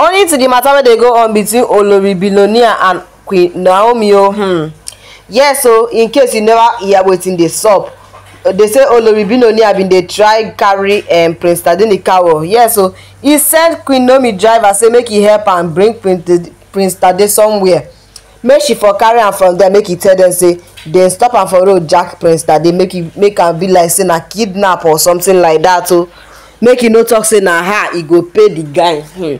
only to the matter wey they go on between olori Bilonia and queen naomi Oh, hmm. yes o so, in case you never hear wetin the soap, uh, they say olori billionaire been they try carry um, prince tadini kawo yes o so, e send queen naomi driver say make he help and bring prince, prince tade somewhere make she for carry and from there make he tell them say then stop and for road jack prince tade make he make am be like say a kidnap or something like that o oh. so, make he no talk say na her He go pay the guy. Hmm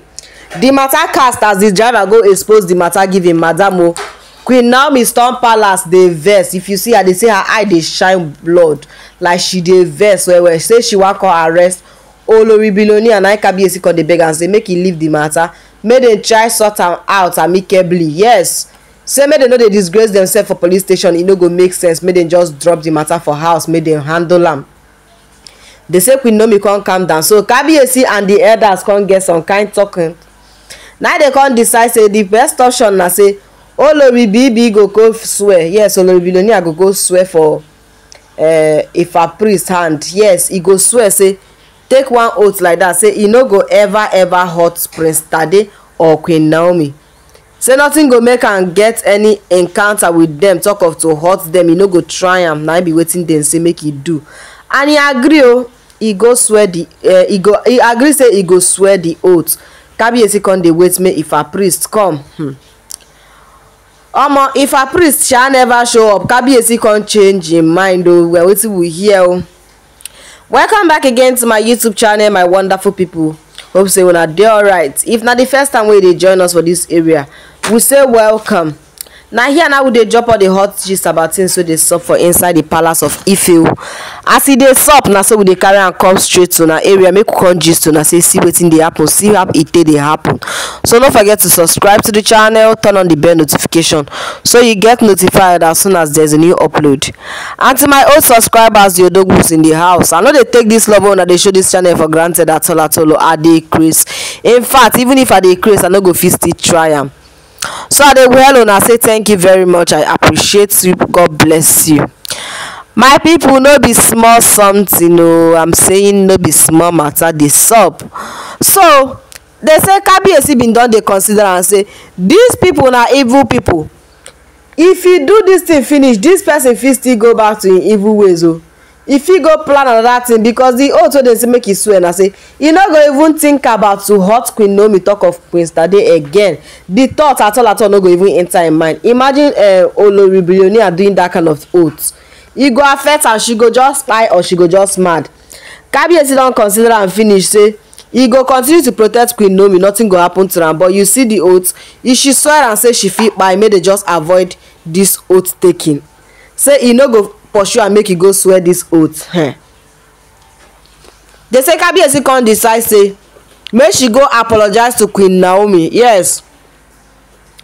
di mata cast as di driver go expose di mata give im madam o queen naomi storm palace dey vex if you see her dey say her eye dey shine blood like she dey vex well well say she wan come arrest olori billionaire naika bsc come dey beg am say make e leave di mata make dem try sort am out amicably yes say make dem no dey disgrace themselves for police station e no go make sense make dem just drop di mata for house make dem handle am dey say queen naomi come calm down so kabiyesi and di elders come get some kind talking na dey come decide say the best option na say olori bibi go go swear yes olori bilonia go go swear for uh, ifa priest hand yes e go swear say take one oath like that. say e no go ever ever hurt prince tade or queen naomi say nothing go make am get any encounter with dem talk of to hurt dem e no go try am na be wetin dem say make e do and e agree o oh, e go swear the uh, e go e agree say e go swear the oath kábíyèsí kan dey wait make ifa priest come hmm. omo um, ifa priest sha never show up kábíyèsí kan change im mind o well wetin we hear o. welcome back again to my youtube channel my wonderful people hope say una dey alright if na the first time wey you dey join us for this area we say welcome na here now we dey drop all the hot gist about things wey dey sup for inside the palace of ife o as e dey sup na so we dey carry am come straight to una area make we come gist una say see wetin dey happen see how e take dey happen so no forget to subscribe to the channel turn on the bell notification so you get notified as soon as there's a new upload and to my old subscribers the odogbos in the house i no dey take this love una dey show this channel for granted at all at all i dey craze in fact even if i dey craze i no go fit still try am so i dey well una say thank you very much i appreciate you god bless you my people no be small something oo oh. i'm saying no be small matter dey sup so dey say kabiyesi bin don dey consider am say dis people na evil people if he do dis thing finish dis person fit still go back to im evil ways o oh. e fit go plan another thing because the oath wey dem say make e swear na say e no go even think about to hurt queen naomi talk of queen stade again the thought at all at all no go even enter im mind imagine uh, eh, olori billionaire doing that kind of oath e go affect am she go just kpai or she go just mad kabiyesi don consider am finish say e go continue to protect queen naomi nothing go happen to am but you see the oath if she swear am say she fit kpai make they just avoid this oath taking say e no go pursue am make e go swear this oath huh. they say kabiyesi come decide say make she go apologize to queen naomi yes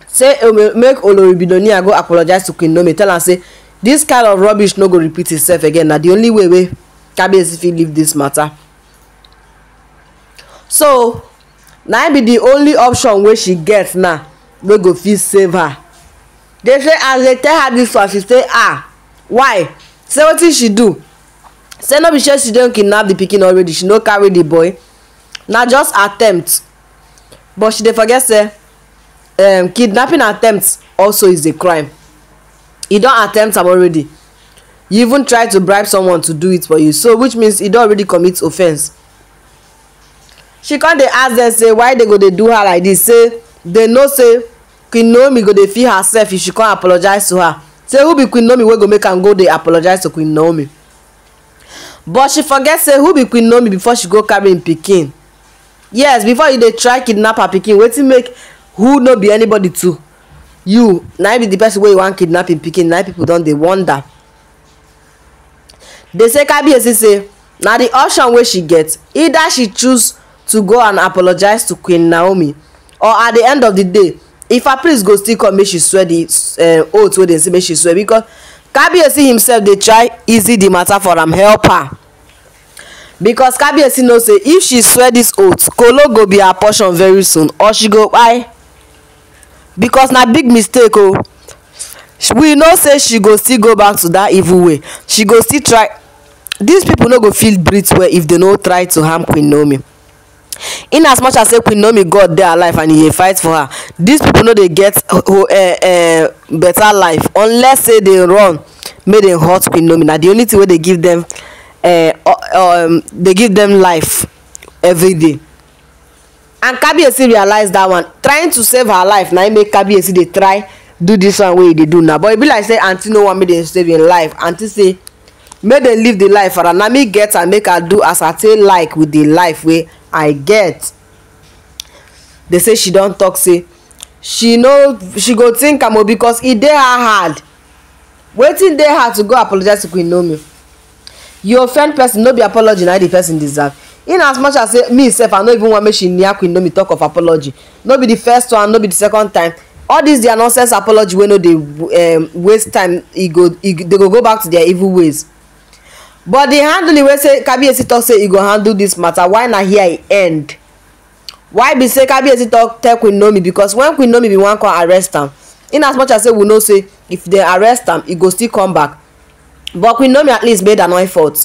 say oh, make olori billionaire go apologize to queen naomi tell am say This kind of rubbish no go repeat itself again na the only way wey kabiyesi fit leave this matter. so na be the only option wey she get now wey go fit save her they say as they tell her this, one she say ah why say wetin she do say no be say she don kidnap the pikin already she no carry the boy na just attempt but she dey forget say um, kidnapping attempt also is a crime e don attempt am already you even try to bribe someone to do it for you so which means e don already commit offence she come dey ask dem say why dey go dey do her like this say dey know say queen naomi go dey feel herself if she come apologize to her say who be queen naomi wey go make am go dey apologize to queen naomi but she forget say who be queen naomi before she go carry im pikin yes before you dey try kidnap her pikin wetin make who no be anybody too you na be the person wey you wan kidnap him pikin na people don dey wonder dey say kabiyesi say na the option wey she get either she choose to go and apologize to queen naomi or at the end of the day if ifa priest go still come make she swear the uh, oath wey dem say make she swear because kabiyesi himself dey try easy the matter for am help her because kabiyesi know say if she swear this oath kolo go be her portion very soon or she go kpai because na big mistake oo oh. we know say she go still go back to dat evil way she go still try dis pipo no go fit breathe well if dem no try to harm queen naomi in as much as say queen naomi god dey alive and he dey fight for her dis pipo no dey get uh, eh, eh, better life unless say dem run make dem hurt queen naomi na the only thing wey dey give dem eh, um, life every day and kabiyesi realize that one trying to save her life na im make kabiyesi dey try do this one wey e dey do now but e be like say aunty no wan make dem save im life aunty say make dem live the life for her na me get am make i do as i take like with the life wey i get dey say she don talk say she no she go think am o because e dey her hard wetin dey her to go apologize to queen nomi you offend person no be apology na the person deserve in as much as say me sef i no even wan make she near queen nomi talk of apology no be the first one no be the second time all this their nonsense apology wey no dey um, waste time e go e dey go go back to their evil ways but the handling wey say kabiyesi talk say e go handle this matter why na here e end why be say kabiyesi talk tell queen nomi because when queen nomi bin wan come arrest am in as much as say we know say if dem arrest am e go still come back but queen nomi at least made her no effort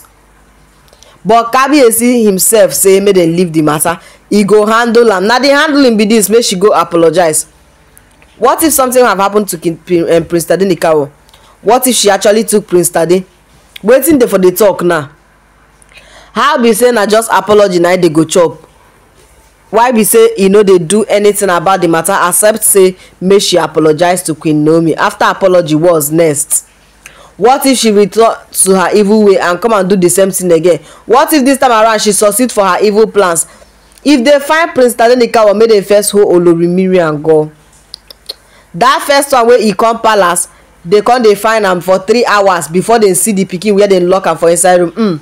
but kabiyesi himself say make dem leave the matter e go handle am na the handling be this make she go apologize what if something have happened to King, um, prince tade nikawo what if she actually took prince tade wetin dey for the talk now how be say na just apology na dey go chop why be say e no dey do anything about the matter except say make she apologize to queen naomi after apology was next what if she return to her evil way and come and do the same thing again what if this time around she succeed for her evil plans if they find prince tadenikawa make they first hold olori mariam go that first one wey e come palace they come dey find am for three hours before they see the pikin where dem lock am for inside room mm.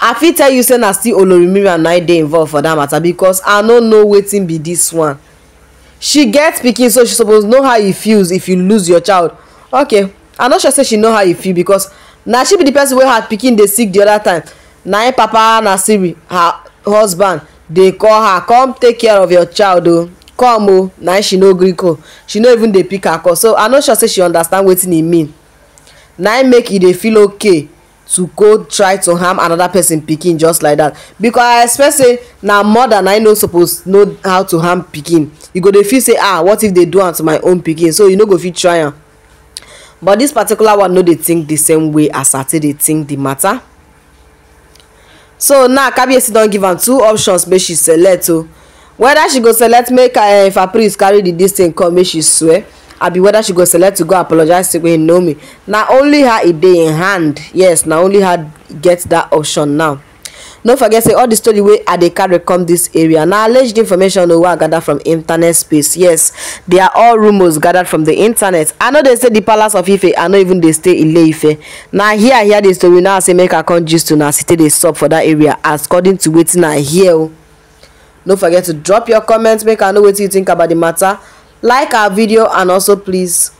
i fit tell you say na still olori mariam na dey involved for that matter because i no know wetin be this one she get pikin so she suppose know how e feels if you lose your child okay i no sure say she know how e feel because na she be the person wey her pikin dey sick the other time na im papa Siri, her husband dey call her come take care of your child o oh. come o oh. na she no gree go she no even dey pick her call so i no sure say she understand wetin e mean na im make e dey feel okay to go try to harm another person pikin just like that because i expect say na mother na no suppose know how to harm pikin you go dey feel say ah what if they do am to my own pikin so you no go fit try am but this particular one no they think the same way as ati They think the matter so now kabiyesi don't give am two options But she select o oh. whether she go select make uh, if her priest carry the distance. thing come she swear I be whether she go select to go apologize say wey know me Now only her a e day in hand yes Now only her get that option now no forget say all the story wey i dey carry come this area na alleged information wey i gather from internet space yes they are all rumors gathered from the internet i know they say the palace of ife i no even dey stay ile-ife na here i hear the story now say make i come gist una as e take dey sup for that area as according to wetin i hear o oh. no forget to drop your comment make i know wetin you think about the matter like our video and also please